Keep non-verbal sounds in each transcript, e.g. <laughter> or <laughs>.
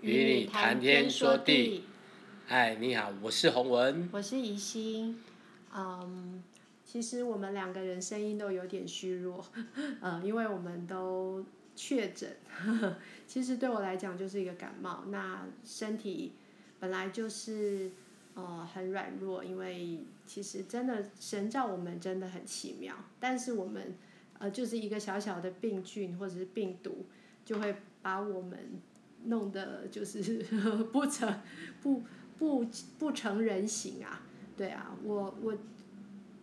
與你談天，談天說地，嗨，你好，我是洪文，我是怡心，嗯、um，其實我們兩個人聲音都有點虛弱，嗯、呃，因為我們都確診， <laughs> 其實對我來講就是一個感冒，那身體本來就是呃很軟弱，因為其實真的神造我們真的很奇妙，但是我們呃就是一個小小的病菌或者是病毒就會把我們。弄得就是不成不不不成人形啊！對啊，我我，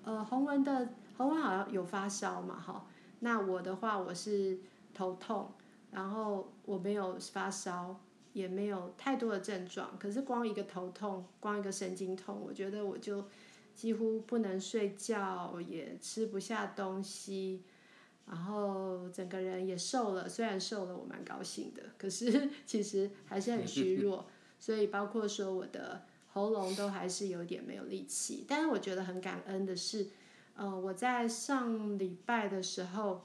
呃，洪文的洪文好像有發燒嘛，哈。那我的話，我是頭痛，然後我沒有發燒，也沒有太多的症狀。可是光一個頭痛，光一個神經痛，我覺得我就幾乎不能睡覺，也吃不下東西。然後整個人也瘦了，雖然瘦了，我蠻高興的，可是其實還是很虛弱， <laughs> 所以包括說我的喉嚨都還是有點沒有力氣。但是我覺得很感恩的是，呃，我在上禮拜的時候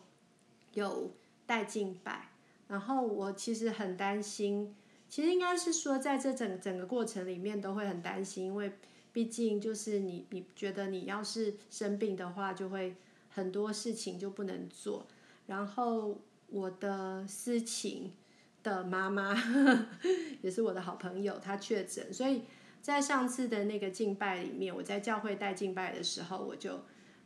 有帶敬拜，然後我其實很擔心，其實應該是說在這整整個過程裡面都會很擔心，因為畢竟就是你你覺得你要是生病的話就會。很多事情就不能做，然後我的司琴的媽媽，呵呵，也是我的好朋友，她確診，所以在上次的那個敬拜裡面，我在教會帶敬拜的時候，我就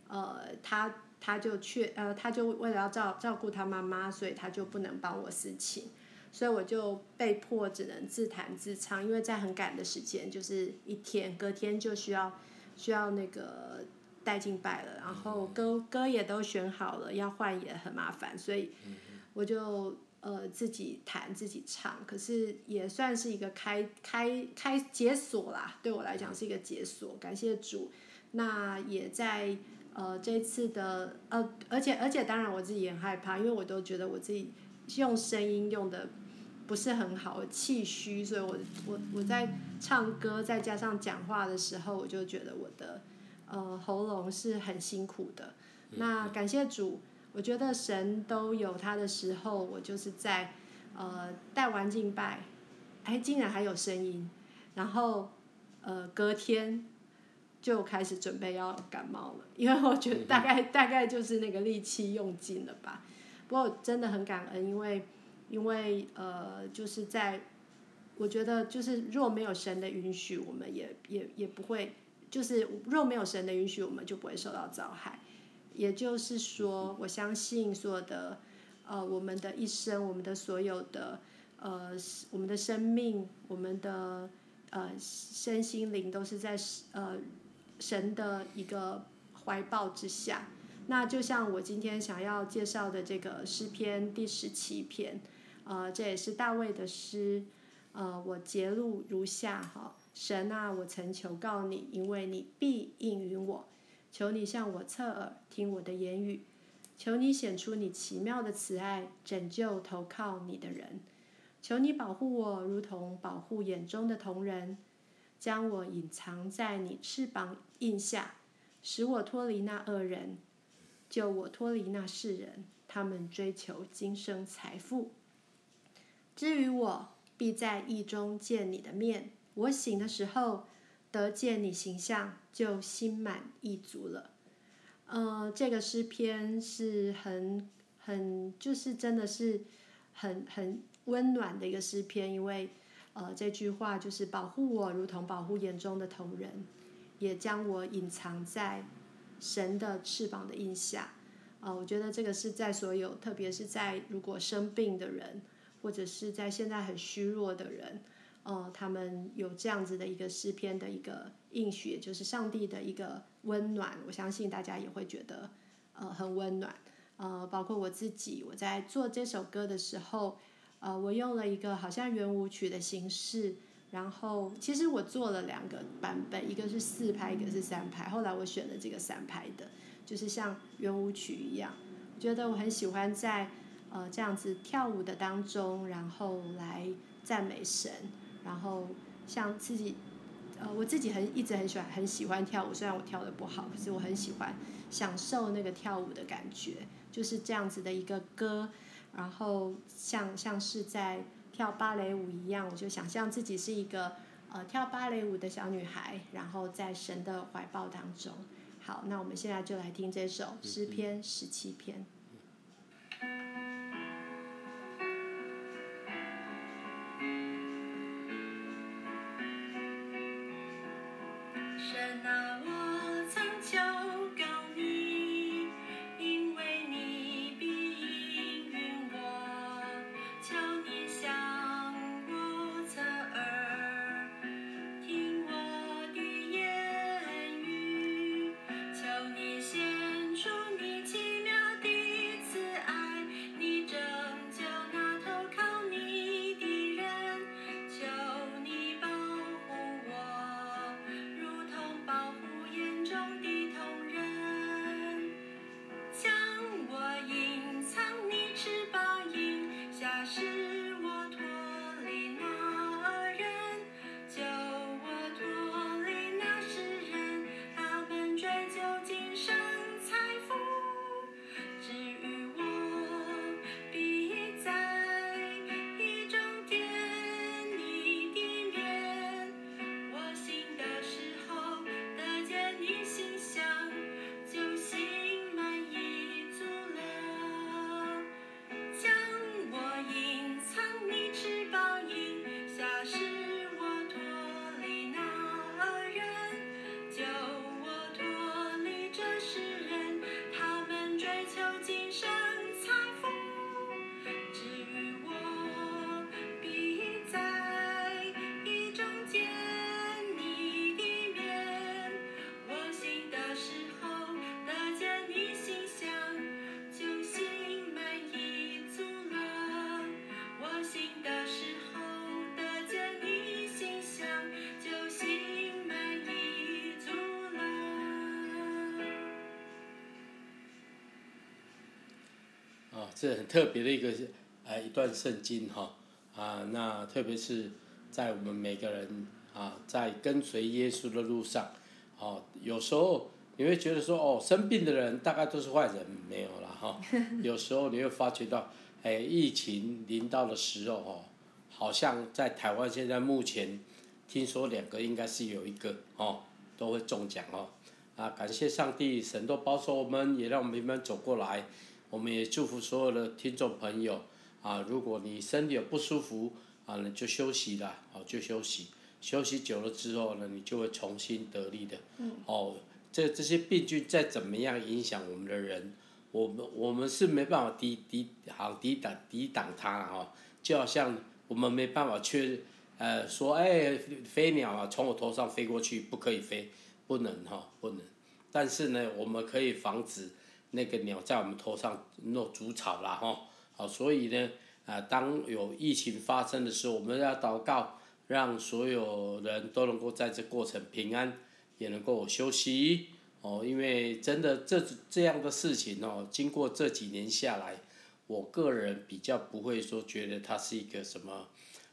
呃，他他就確呃，他就為了要照照顧他媽媽，所以他就不能幫我司琴，所以我就被迫只能自彈自唱，因為在很趕的時間，就是一天隔天就需要需要那個。帶進拜了，然後歌歌也都選好了，要換也很麻煩，所以我就呃自己彈自己唱。可是也算是一個開開開解鎖啦，對我來講是一個解鎖，感謝主。那也在呃這次的呃，而且而且當然我自己也很害怕，因為我都覺得我自己用聲音用的不是很好，氣虛，所以我我我在唱歌再加上講話的時候，我就覺得我的。呃，喉嚨是很辛苦的。那、嗯、感謝主，我覺得神都有他的時候，我就是在呃，帶完敬拜，哎，竟然還有聲音。然後呃，隔天就開始準備要感冒了，因為我覺得大概、嗯、大概就是那個力氣用盡了吧。不過真的很感恩，因為因為呃，就是在我覺得就是若沒有神的允許，我們也也也不會。就是若沒有神的允許，我們就不會受到災害。也就是說，我相信所有的呃，我們的一生，我們的所有的呃，我們的生命，我們的呃身心靈，都是在呃神的一個懷抱之下。那就像我今天想要介紹的這個詩篇第十七篇，呃，這也是大衛的詩，呃，我節錄如下哈。神啊，我曾求告你，因為你必應允我。求你向我側耳聽我的言語，求你顯出你奇妙的慈愛，拯救投靠你的人。求你保護我，如同保護眼中的瞳人，將我隱藏在你翅膀蔭下，使我脫離那惡人，救我脫離那世人。他們追求今生財富。至於我，必在義中見你的面。我醒的時候，得見你形象，就心滿意足了。呃，這個詩篇是很、很，就是真的是很、很溫暖的一個詩篇，因為呃，這句話就是保護我如同保護眼中的瞳人，也將我隱藏在神的翅膀的蔭下。呃，我覺得這個是在所有，特別是在如果生病的人，或者是在現在很虛弱的人。哦、呃，他們有這樣子的一個詩篇的一個應許，就是上帝的一個溫暖，我相信大家也會覺得，呃，很溫暖。呃，包括我自己，我在做這首歌的時候，呃，我用了一個好像圓舞曲的形式，然後其實我做了兩個版本，一個是四拍，一個是三拍，後來我選了這個三拍的，就是像圓舞曲一樣。我覺得我很喜歡在呃這樣子跳舞的當中，然後來讚美神。然後像自己，呃，我自己很一直很喜歡很喜歡跳舞，雖然我跳得不好，可是我很喜歡享受那個跳舞的感覺。就是這樣子的一個歌，然後像像是在跳芭蕾舞一樣，我就想象自己是一個呃跳芭蕾舞的小女孩，然後在神的懷抱當中。好，那我們現在就來聽這首詩篇十七篇。是很特別的一個、哎、一段聖經哈，啊，那特別是在我們每個人啊，在跟隨耶穌的路上哦、啊、有時候你會覺得說哦，生病的人大概都是壞人沒有了哈、啊、有時候你會發覺到、哎、疫情臨到的時候，好像在台灣現在目前聽說兩個應該是有一個哦、啊、都會中獎哦，啊，感謝上帝，神都保守我們，也讓我們慢慢走過來。我們也祝福所有的聽眾朋友啊，如果你身體有不舒服啊，就休息啦，哦，就休息。休息久了之後呢，你就會重新得力的。嗯、哦，這這些病菌再怎麼樣影響我們的人，我們我們是沒辦法抵抵好抵擋抵，抵，抵擋它哈、哦。就好像我們沒辦法去呃說，哎，飛鳥啊從我頭上飛過去不可以飛，不能哈、哦、不能。但是呢，我們可以防止。那個鳥在我們頭上弄築巢啦，哈，好，所以呢，啊，當有疫情發生的時候，我們要禱告，讓所有人都能夠在這過程平安，也能夠休息，哦，因為真的這這樣的事情哦，經過這幾年下來，我個人比較不會說覺得它是一個什麼，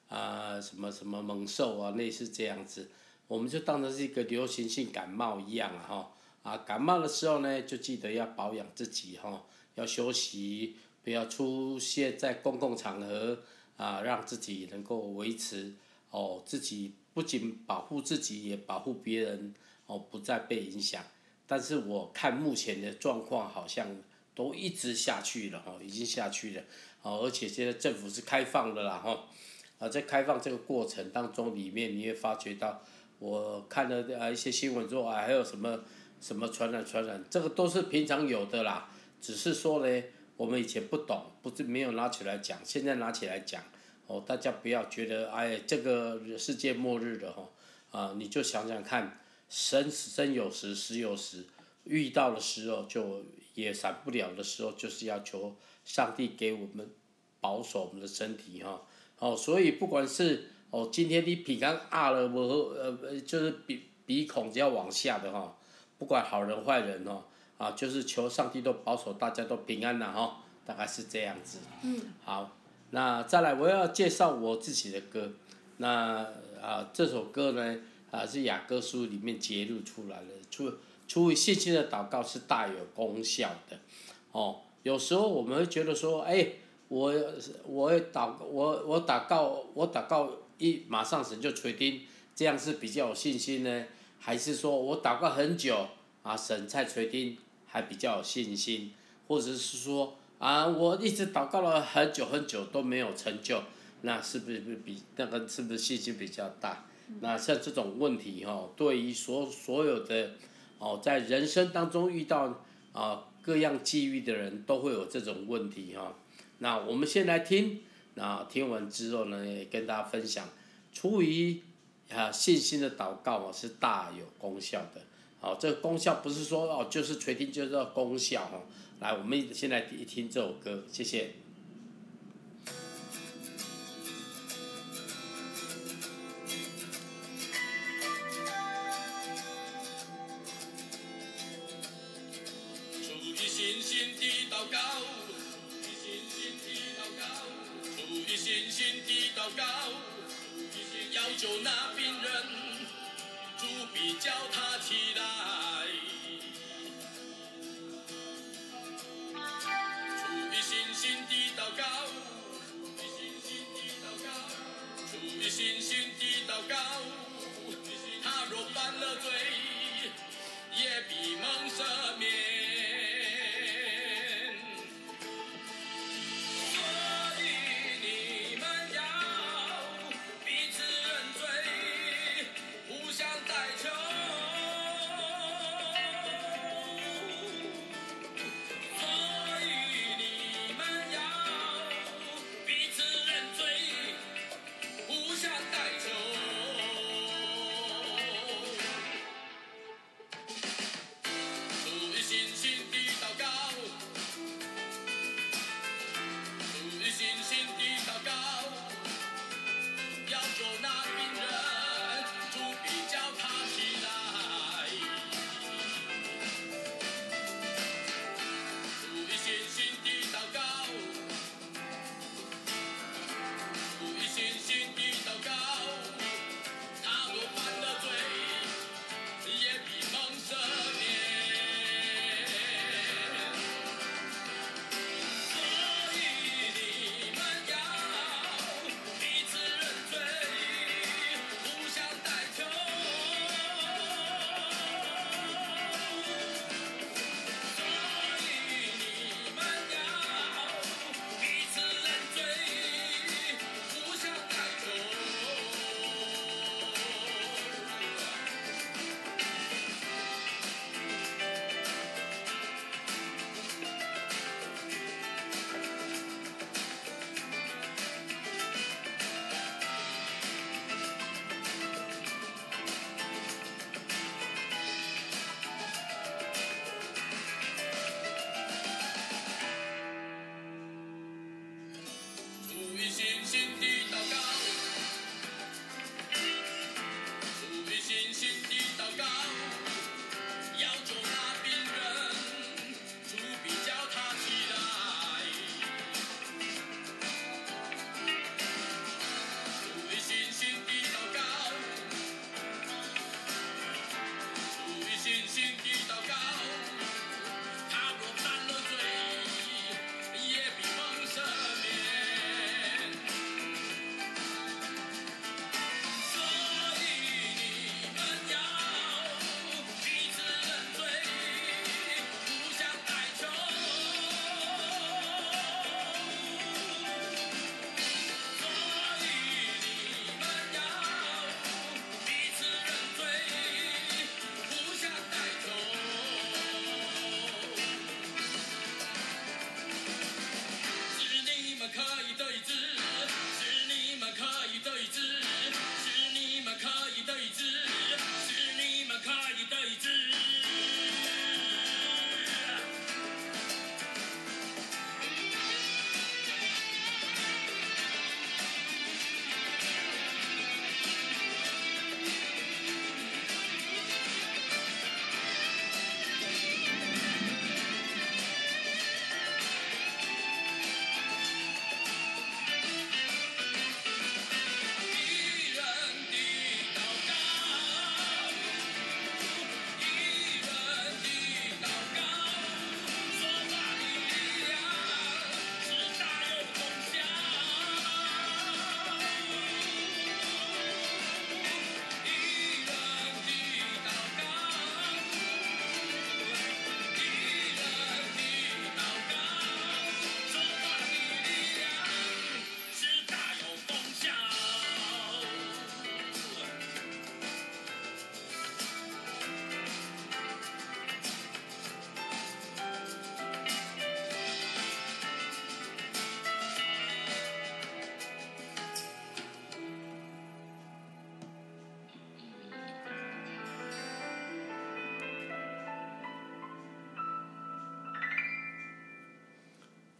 啊、呃，什麼什麼猛獸啊，類似這樣子，我們就當它是一個流行性感冒一樣啊，哈、哦。啊，感冒的時候呢，就記得要保養自己，吼、哦，要休息，不要出現在公共場合，啊，讓自己能夠維持哦，自己不僅保護自己，也保護別人，哦，不再被影響。但是我看目前的狀況，好像都一直下去了，吼、哦，已經下去了，哦，而且現在政府是開放的啦，吼、哦，啊，在開放這個過程當中裡面，你也發覺到，我看了啊一些新聞說啊，還有什麼？什麼傳染傳染，這個都是平常有的啦。只是說呢，我們以前不懂，不是沒有拿起來講，現在拿起來講，哦，大家不要覺得哎，這個世界末日了哈，啊、哦呃，你就想想看，生生有時，死有時，遇到的時候就也閃不了的時候，就是要求上帝給我們保守我們的身體哈。哦，所以不管是哦，今天你平安啊了我呃呃，就是鼻鼻孔只要往下的哈。哦不管好人壞人哦，啊，就是求上帝都保守大家都平安了，啊，哈，哦，大概是這樣子。嗯。好，那再來我要介紹我自己的歌，那啊這首歌呢啊是雅各書裡面揭露出來的，出出於信心的禱告是大有功效的。哦，有時候我們會覺得說，誒、欸，我我禱我我禱告我禱告一馬上神就垂聽，這樣是比較有信心呢？還是說我禱告很久啊，神才垂聽，還比較有信心；或者是說啊，我一直禱告了很久很久都沒有成就，那是不是比那個是不是信心比較大？嗯、那像這種問題哈，對於所所有的哦，在人生當中遇到啊各樣際遇的人，都會有這種問題哈。那我們先來聽，那聽完之後呢，也跟大家分享，出於。信心的禱告是大有功效的。好，這個功效不是說哦，就是垂聽，就是功效。來，我們現在一聽這首歌，謝謝。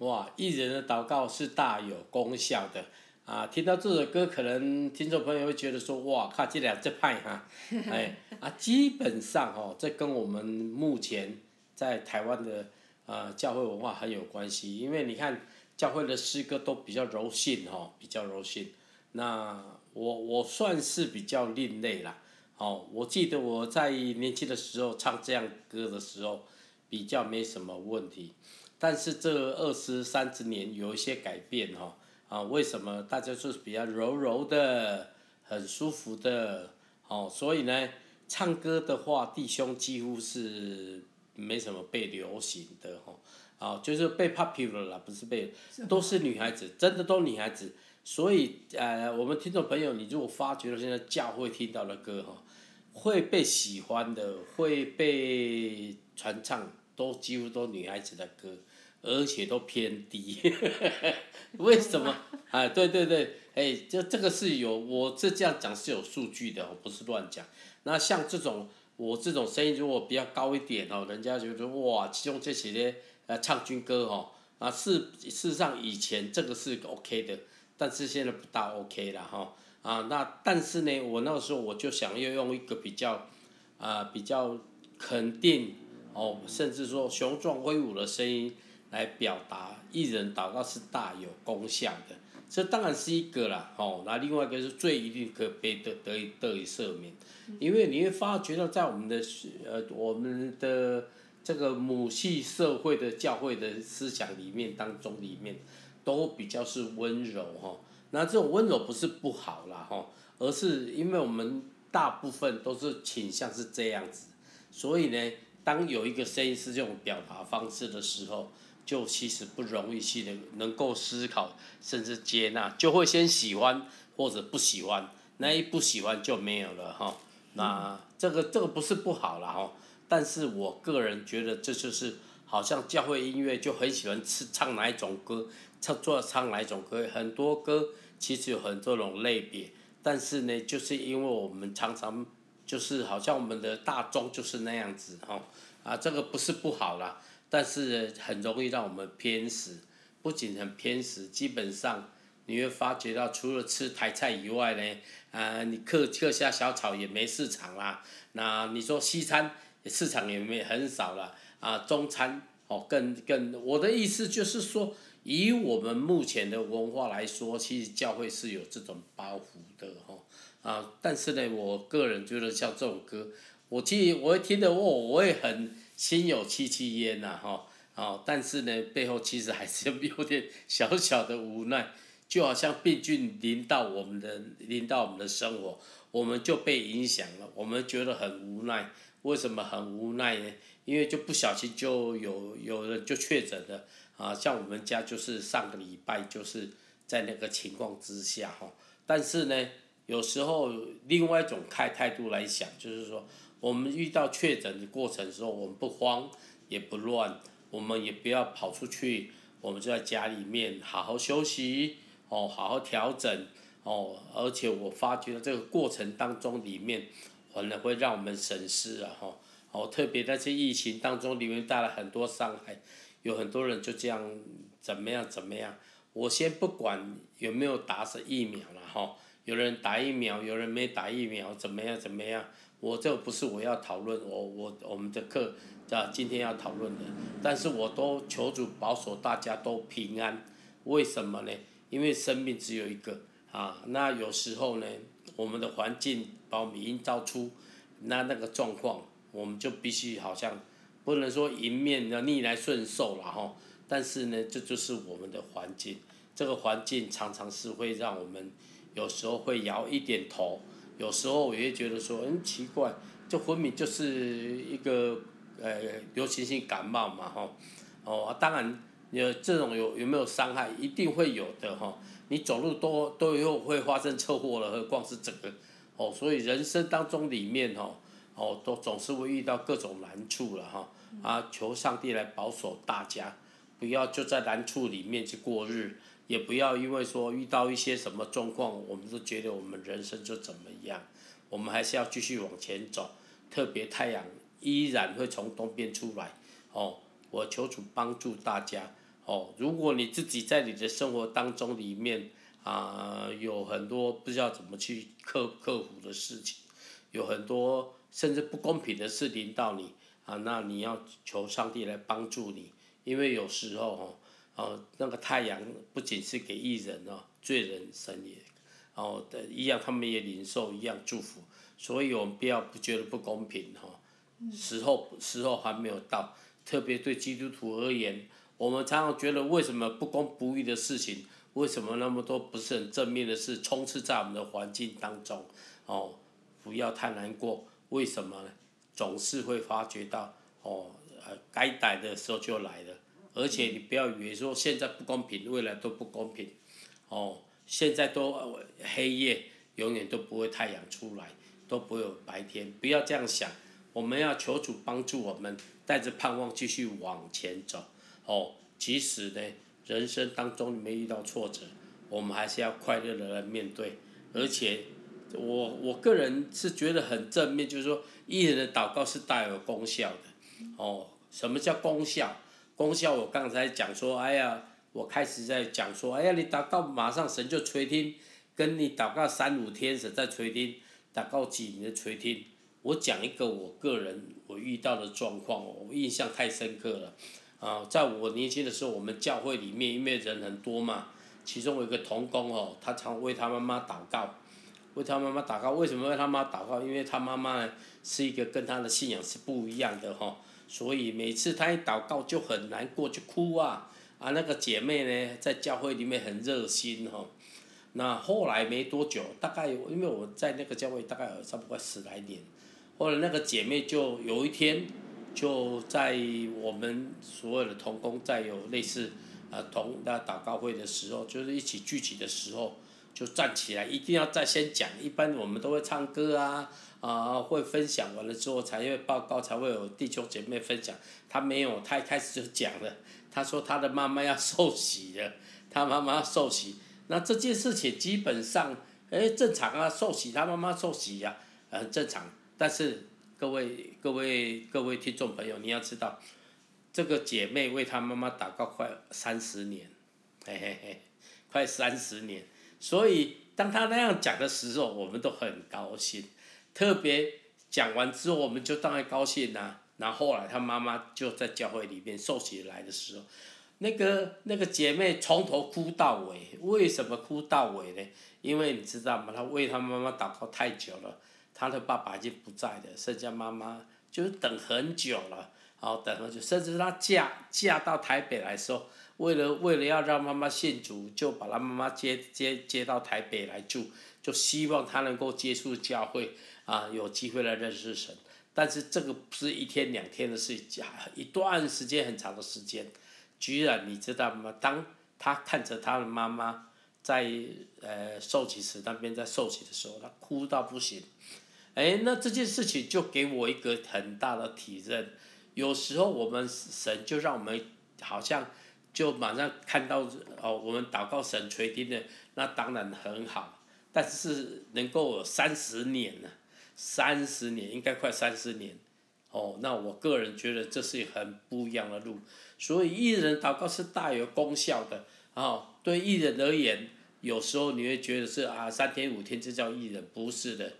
哇，義人的禱告是大有功效的啊！聽到這首歌，可能聽眾朋友會覺得說：“哇，看這兩支派哈，啊、 <laughs> 哎，啊，基本上哦，這跟我們目前在台灣的呃教會文化很有關係。因為你看教會的詩歌都比較柔性，哈、哦，比較柔性。那我我算是比較另類啦。哦，我記得我在年輕的時候唱這樣歌的時候，比較沒什麼問題。但是這二十三十年有一些改變哦、啊，啊，為什麼大家就是比較柔柔的，很舒服的哦、啊？所以呢，唱歌的話，弟兄幾乎是沒什麼被流行的哦、啊，啊，就是被 popular 了，不是被是、啊，都是女孩子，真的都女孩子。所以，呃，我們聽眾朋友，你如果發覺了現在教會聽到的歌哦、啊，會被喜歡的，會被傳唱，都幾乎都女孩子的歌。而且都偏低， <laughs> 為什麼？ <laughs> 哎，對對對，哎、欸，就這個是有，我這這樣講是有數據的，我不是亂講。那像這種我這種聲音如果比較高一點哦，人家覺得哇，其中這些呃唱軍歌哦，啊，事事實上以前這個是 OK 的，但是現在不大 OK 了哈。啊，那但是呢，我那時候我就想要用一個比較啊、呃、比較肯定哦，甚至說雄壯威武的聲音。來表達義人禱告是大有功效的，這當然是一個啦，吼。那另外一個是罪一定可被得得以得以赦免、嗯，因為你會發覺到在我們的呃我們的這個母系社會的教會的思想裡面當中裡面，都比較是溫柔哈、哦。那這種溫柔不是不好啦哈、哦，而是因為我們大部分都是傾向是這樣子，所以呢，當有一個聲音是這種表達方式的時候。就其實不容易去能能夠思考，甚至接納，就會先喜歡或者不喜歡，那一不喜歡就沒有了哈、嗯。那這個這個不是不好了哈，但是我個人覺得這就是好像教會音樂就很喜歡是唱哪一種歌，唱做唱哪一種歌，很多歌其實有很多種類別，但是呢，就是因為我們常常就是好像我們的大眾就是那樣子哈，啊，這個不是不好了。但是很容易讓我們偏食，不僅很偏食，基本上你會發覺到，除了吃台菜以外呢，啊、呃，你客客家小炒也沒市場啦。那你說西餐市場也沒很少了啊、呃，中餐哦更更，我的意思就是說，以我們目前的文化來說，其實教會是有這種包袱的哦。啊、呃，但是呢，我個人覺得像這種歌，我記我一聽得哦，我會很。心有戚戚焉吶，哈，啊，但是呢，背後其實還是有點小小的無奈，就好像病菌臨到我們的，臨到我們的生活，我們就被影響了，我們覺得很無奈。為什麼很無奈呢？因為就不小心就有有人就確診了，啊，像我們家就是上個禮拜就是在那個情況之下，哈，但是呢，有時候另外一種態態度來想，就是說。我們遇到確診的過程的時候，我們不慌，也不亂，我們也不要跑出去，我們就在家裡面好好休息，哦，好好調整，哦，而且我發覺這個過程當中裡面，可能會讓我們省事啊，哈，哦，特別那些疫情當中裡面帶來很多傷害，有很多人就這樣怎麼樣怎麼樣，我先不管有沒有打上疫苗了，哈，有人打疫苗，有人沒打疫苗，怎麼樣怎麼樣。我這不是我要討論，我我我們的課啊，今天要討論的，但是我都求主保守大家都平安，為什麼呢？因為生命只有一個啊，那有時候呢，我們的環境把我們營造出，那那個狀況，我們就必須好像不能說迎面的逆來順受了哈，但是呢，這就是我們的環境，這個環境常常是會讓我們有時候會搖一點頭。有時候我也覺得說，嗯，奇怪，這分明就是一個呃、欸、流行性感冒嘛，吼、哦，哦、啊，當然，有這種有有沒有傷害，一定會有的，哈、哦，你走路都都有會發生車禍了，何況是整個，哦，所以人生當中裡面，哦，哦，都總是會遇到各種難處了，哈，啊，求上帝來保守大家，不要就在難處裡面去過日。也不要因為說遇到一些什麼狀況，我們都覺得我們人生就怎麼樣，我們還是要繼續往前走。特別太陽依然會從東邊出來，哦，我求主幫助大家。哦，如果你自己在你的生活當中裡面啊、呃，有很多不知道怎麼去克克服的事情，有很多甚至不公平的事臨到你啊，那你要求上帝來幫助你，因為有時候哦。哦，那個太陽不僅是給義人哦，罪人神也，哦，一樣，他們也領受一樣祝福，所以我們不要不覺得不公平哦。時候時候還沒有到，特別對基督徒而言，我們常常覺得為什麼不公不義的事情，為什麼那麼多不是很正面的事充斥在我們的環境當中？哦，不要太難過，為什麼呢？總是會發覺到哦，該來的時候就來了。而且你不要以為說現在不公平，未來都不公平，哦，現在都黑夜，永遠都不會太陽出來，都不會有白天，不要這樣想。我們要求主幫助我們，帶着盼望繼續往前走。哦，即使呢，人生當中沒遇到挫折，我們還是要快樂的來面對。而且我，我我個人是覺得很正面，就是說，義人的禱告是帶有功效的。哦，什麼叫功效？功效，我剛才講說，哎呀，我開始在講說，哎呀，你禱告馬上神就垂聽，跟你禱告三五天神在垂聽，禱告幾年垂聽。我講一個我個人我遇到的狀況，我印象太深刻了。啊，在我年輕的時候，我們教會裡面因為人很多嘛，其中有一個同工哦，他常為他媽媽禱告，為他媽媽禱告。為什麼為他媽媽禱告？因為他媽媽呢是一個跟他的信仰是不一樣的哈、哦。所以每次他一禱告就很難過，就哭啊！啊，那個姐妹呢，在教會裡面很熱心吼。那後來沒多久，大概因為我在那個教會大概有差不多十來年。後來那個姐妹就有一天，就在我們所有的同工在有類似啊同那禱告會的時候，就是一起聚集的時候，就站起來一定要在先講。一般我們都會唱歌啊。啊，會分享完了之後才會報告，才會有弟兄姐妹分享。他沒有，他一開始就講了。他說他的媽媽要受洗了，他媽媽要受洗。那這件事情基本上，哎、欸，正常啊，受洗，他媽媽受洗呀、啊，很正常。但是，各位各位各位聽眾朋友，你要知道，這個姐妹為他媽媽禱告快三十年，嘿嘿嘿，快三十年。所以，當他那樣講的時候，我們都很高興。特別講完之後，我們就當然高興吶、啊。然後，後來，他媽媽就在教會裡面受洗來的時候，那個那個姐妹從頭哭到尾。為什麼哭到尾呢？因為你知道嗎？她為她媽媽禱告太久了，她的爸爸已經不在了，剩下媽媽就等很久了。然後等了就，甚至她嫁嫁到台北來的時候，為了為了要讓媽媽信主，就把她媽媽接接接到台北來住，就希望她能夠接觸教會。啊，有機會來認識神，但是這個不是一天兩天的事情，一段時間很長的時間。居然你知道嗎？當他看着他的媽媽在呃受洗池那邊在受洗的時候，他哭到不行。哎，那這件事情就給我一個很大的體認。有時候我們神就讓我們好像就馬上看到哦，我們禱告神垂聽的，那當然很好。但是能夠有三十年呢？三十年應該快三十年，哦，那我個人覺得這是很不一樣的路。所以義人禱告是大有功效的啊、哦。對義人而言，有時候你會覺得是啊，三天五天就叫義人，不是的。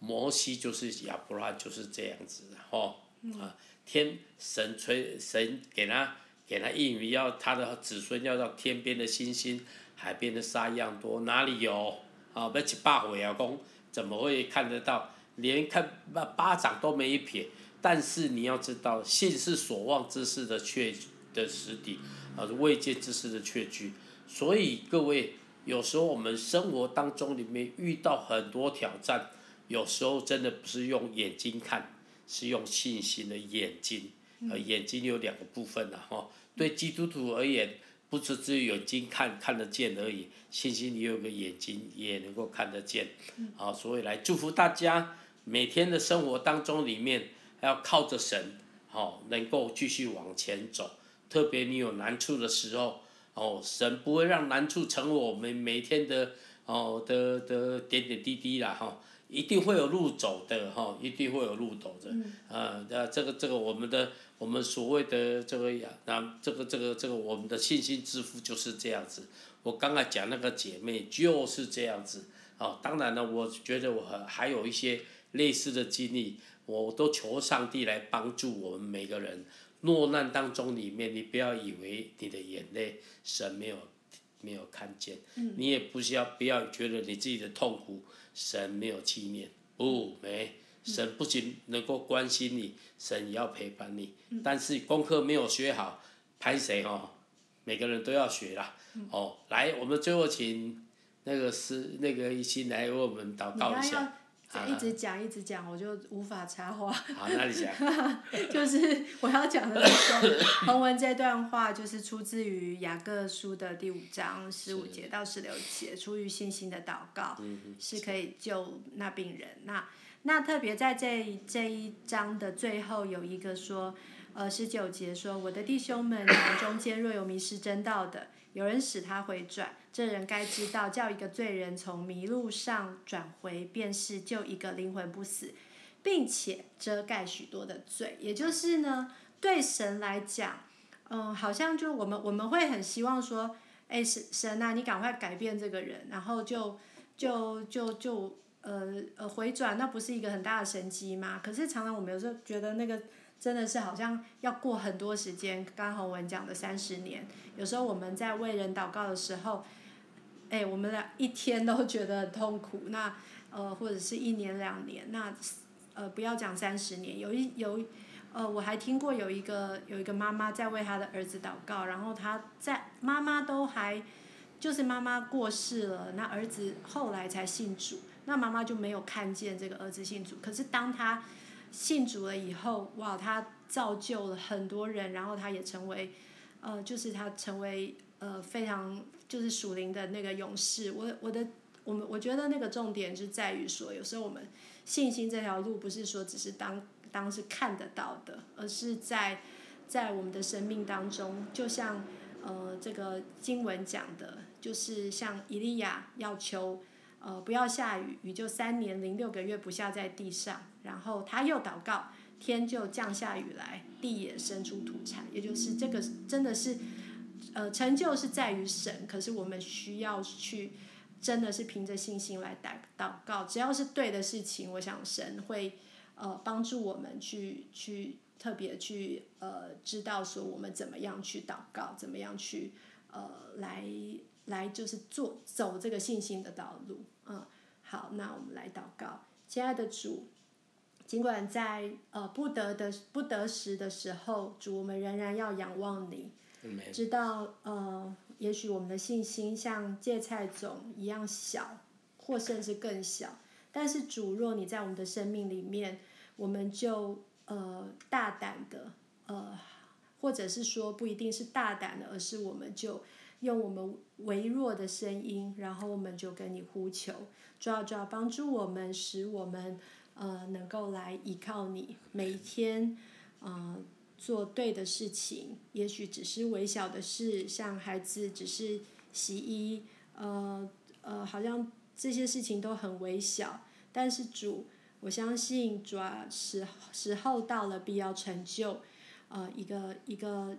摩西就是亞伯拉，就是這樣子的吼啊。天神吹神給他給他應允，要他的子孫要到天邊的星星、海邊的沙一樣多，哪裡有啊？要、哦、一把火呀，公怎麼會看得到？連看巴巴掌都沒一撇，但是你要知道，信是所望之事的確的實底，而未見之事的確據。所以各位，有時候我們生活當中裡面遇到很多挑戰，有時候真的不是用眼睛看，是用信心的眼睛。啊、呃，眼睛有兩個部分的、啊、哈、哦。對基督徒而言，不只只有眼睛看看得見，而已，信心也有個眼睛也能夠看得見。好、啊，所以來祝福大家。每天的生活當中裡面，要靠着神，吼、哦，能夠繼續往前走。特別你有難處的時候，哦，神不會讓難處成為我們每天的，哦的的，的點點滴滴啦，哈、哦，一定會有路走的，哈、哦，一定會有路走的。啊、嗯，那、呃、這個這個我們的，我們所謂的這個呀，那這個這個這個我們的信心之父就是這樣子。我剛才講那個姐妹就是這樣子。哦，當然了，我覺得我還還有一些。類似的經歷，我都求上帝來幫助我們每個人。落難當中，裡面你不要以為你的眼淚，神沒有沒有看見、嗯，你也不需要不要覺得你自己的痛苦，神沒有紀念，不沒神不僅能夠關心你、嗯，神也要陪伴你。嗯、但是功課沒有學好，拍誰哦？每個人都要學啦、嗯。哦，來，我們最後請那個師那個一心來為我們禱告一下。啊、一直講一直講，我就無法插話。好，哪裡講？ <laughs> 就是我要講的、就是說，洪文這段話就是出自於雅各書的第五章十五節到十六節，出於信心的禱告、嗯是，是可以救那病人。那那特別在這這一章的最後有一個說，呃，十九節說：“我的弟兄們，你、啊、們中間若有迷失真道的。”有人使他回轉，這人該知道，叫一個罪人從迷路上轉回，便是救一個靈魂不死，並且遮蓋許多的罪。也就是呢，對神來講，嗯、呃，好像就我們我們會很希望說，哎，神神啊，你趕快改變這個人，然後就就就就呃呃回轉，那不是一個很大的神蹟嗎？可是常常我們有時候覺得那個。真的是好像要過很多時間，剛宏文講的三十年。有時候我們在為人禱告的時候，哎、欸，我們倆一天都覺得很痛苦。那呃，或者是一年兩年，那呃，不要講三十年。有一有，呃，我還聽過有一個有一個媽媽在為她的兒子禱告，然後她在媽媽都還，就是媽媽過世了，那兒子後來才信主，那媽媽就沒有看見這個兒子信主。可是當她。信主了以後，哇！他造就了很多人，然後他也成為，呃，就是他成為呃非常就是屬靈的那個勇士。我我的我們我覺得那個重點就是在於說，有時候我們信心這條路不是說只是當當時看得到的，而是在在我們的生命當中，就像呃這個經文講的，就是像伊利亞要求，呃，不要下雨，雨就三年零六個月不下在地上。然後他又禱告，天就降下雨來，地也生出土產，也就是這個真的是，呃，成就是在於神。可是我們需要去，真的是憑着信心來禱禱告，只要是對的事情，我想神會呃幫助我們去去特別去呃知道說我們怎麼樣去禱告，怎麼樣去呃來來就是做走這個信心的道路。嗯，好，那我們來禱告，親愛的主。儘管在呃不得的不得時的時候，主我們仍然要仰望你，知、嗯、道呃，也許我們的信心像芥菜種一樣小，或甚至更小。但是主若你在我們的生命裡面，我們就呃大膽的呃，或者是說不一定是大膽的，而是我們就用我們微弱的聲音，然後我們就跟你呼求，主要主要幫助我們，使我們。呃，能夠來依靠你，每一天，呃，做對的事情，也許只是微小的事，像孩子只是洗衣，呃呃，好像這些事情都很微小，但是主，我相信主啊，時候時候到了，必要成就，呃，一個一個，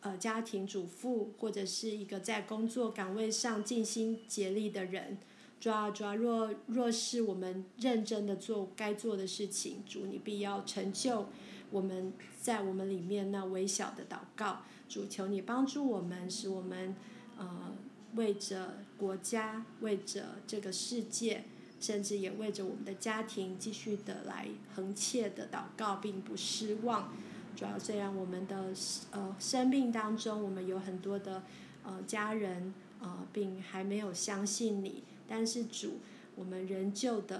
呃，家庭主婦或者是一個在工作崗位上盡心竭力的人。主啊主啊，若若是我們認真的做該做的事情，主你必要成就我們在我們裡面那微小的禱告。主求你幫助我們，使我們呃為着國家，為着這個世界，甚至也為着我們的家庭，繼續的來恆切的禱告，並不失望。主要雖然我們的呃生命當中，我們有很多的呃家人呃並還沒有相信你。但是主，我們仍舊的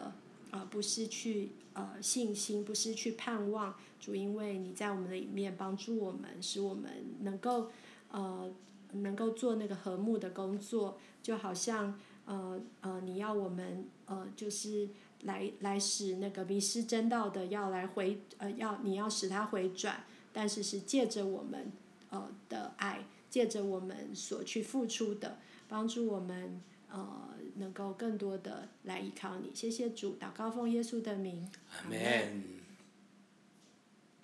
啊、呃，不失去呃信心，不失去盼望。主，因為你在我們的裡面幫助我們，使我們能夠呃能夠做那個和睦的工作。就好像呃呃，你要我們呃就是來來使那個迷失真道的要來回呃要你要使他回轉，但是是借着我們呃的愛，借着我們所去付出的幫助我們。呃，能夠更多的來依靠你，謝謝主，禱告奉耶穌的名，阿門。